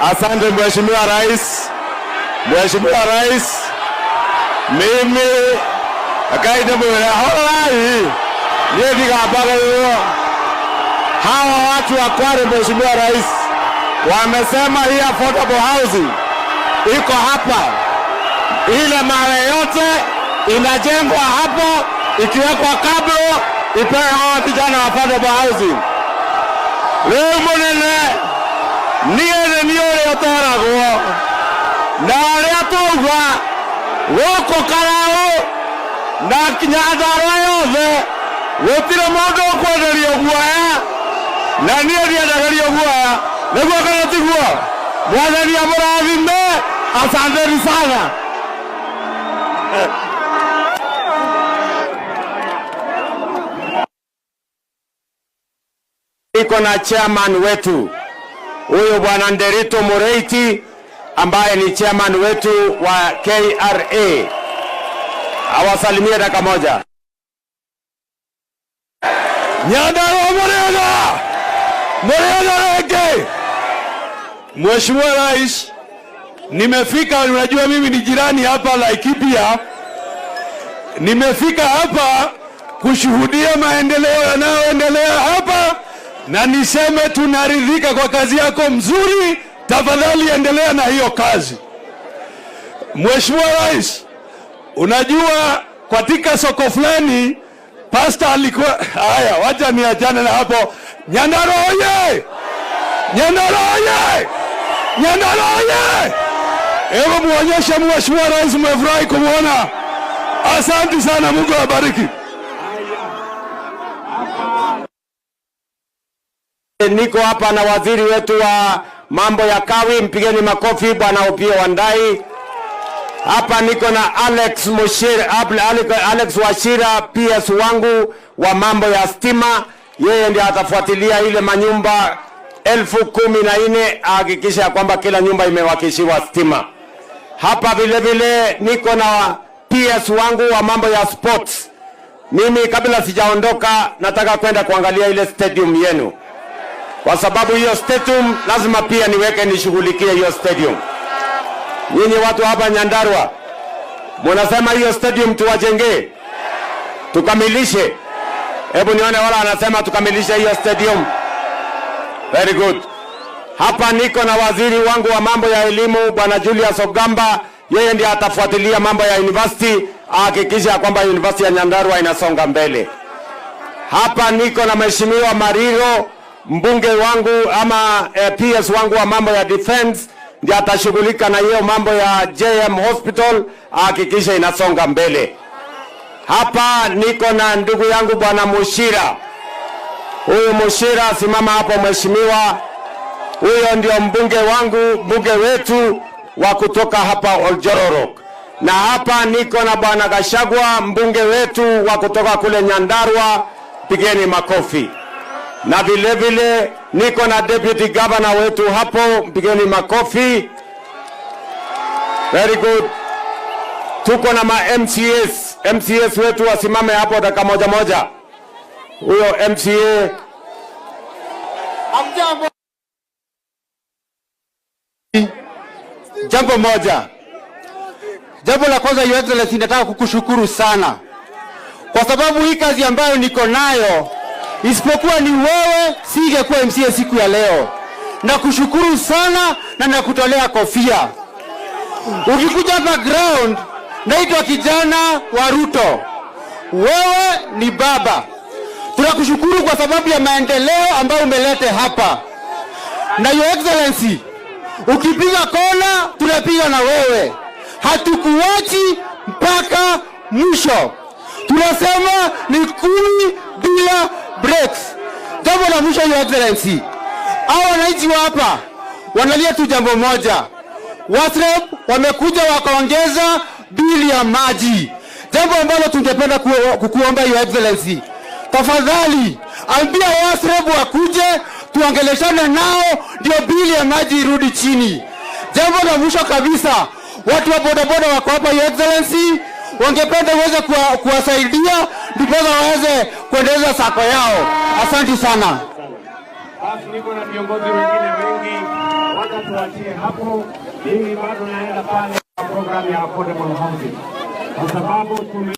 Asante Mheshimiwa Rais. Mheshimiwa Rais, mimi akaidemweaholai niedikabagalio hawa watu wa Kwale, Mheshimiwa Rais, wamesema hii affordable housing iko hapa, ile mara yote inajengwa hapo ikiwekwa kablo ipewe hawa vijana wa affordable housing riu munene niene ni uria utoragwo na aria twauga guku karau na kinya atharwa yothe gutire mundu ukwenderia guoya na nie ndiendageria guoya niguo kana tiguo mwathani amurathime asanteni sana iko na chairman wetu huyo bwana Nderito Moreiti ambaye ni chairman wetu wa KRA. Awasalimie dakika moja. Nyandarua Murega, Murega rege. Mheshimiwa Rais, nimefika, unajua mimi ni jirani hapa Laikipia, nimefika hapa kushuhudia maendeleo na niseme tunaridhika kwa kazi yako mzuri. Tafadhali endelea na hiyo kazi. Mheshimiwa Rais, unajua katika soko fulani pasta alikuwa haya. Wacha niachane na hapo. nyandaroye oye! nyandaroye oye! Nyandarua oye! Hebu muonyeshe Mheshimiwa Rais, mmefurahi kumwona. Asante sana, Mungu awabariki. Eh, niko hapa na waziri wetu wa mambo ya kawi, mpigeni makofi bwana Opiyo wandai Hapa niko na Alex Mushir, Alex Washira PS wangu wa mambo ya stima, yeye ndiye atafuatilia ile manyumba elfu kumi na nne ahakikisha kwamba kila nyumba imewakishiwa stima. Hapa vile vile niko na PS wangu wa mambo ya sports. Mimi kabla sijaondoka, nataka kwenda kuangalia ile stadium yenu. Kwa sababu hiyo stadium lazima pia niweke nishughulikie hiyo stadium. Nyinyi watu hapa Nyandarua munasema hiyo stadium tuwajengee, tukamilishe. Hebu nione wala anasema tukamilishe hiyo stadium. Very good. Hapa niko na waziri wangu wa mambo ya elimu Bwana Julius Ogamba, yeye ndiye atafuatilia mambo ya university, ahakikisha kwamba university ya Nyandarua inasonga mbele. Hapa niko na mheshimiwa Mariro mbunge wangu ama eh, PS wangu wa mambo ya defense ndiye atashughulika na hiyo mambo ya JM Hospital, ahakikishe inasonga mbele. Hapa niko na ndugu yangu bwana Mushira. Huyu Mushira, simama hapo mheshimiwa. Huyo ndio mbunge wangu, mbunge wetu wa kutoka hapa Oljororok, na hapa niko na bwana Gashagwa, mbunge wetu wa kutoka kule Nyandarua. Pigeni makofi na vilevile niko na deputy governor wetu hapo, mpigeni makofi. Very good. Tuko na ma MCS. MCS wetu wasimame hapo dakika moja moja. Huyo MCA Amjambo. Jambo moja, jambo la kwanza yote, nataka kukushukuru sana kwa sababu hii kazi ambayo niko nayo isipokuwa ni wewe, singekuwa MCA siku ya leo. Nakushukuru sana na nakutolea kofia. Ukikuja background, naitwa kijana wa Ruto, wewe ni baba. Tunakushukuru kwa sababu ya maendeleo ambayo umelete hapa, na your excellency, ukipiga kona tunapiga na wewe, hatukuwachi mpaka mwisho. Tunasema ni kumi bila breaks. Jambo la mwisho, ni Excellency, hao wananchi wa hapa wanalia tu jambo moja, WASREB wamekuja wakaongeza bili ya maji, jambo ambalo tungependa kukuomba Your Excellency, tafadhali ambia WASREB wakuje tuongeleshane nao, ndio bili ya maji irudi chini. Jambo la mwisho kabisa, watu wa bodaboda wako hapa, Your Excellency wangependa uweze kuwa, kuwasaidia ndiposa waweze kuendeleza sako yao. Asante sana. basi niko na viongozi wengine wengi, wacha tuachie hapo. Mimi bado naenda pale kwa programu ya affordable housing kwa sababu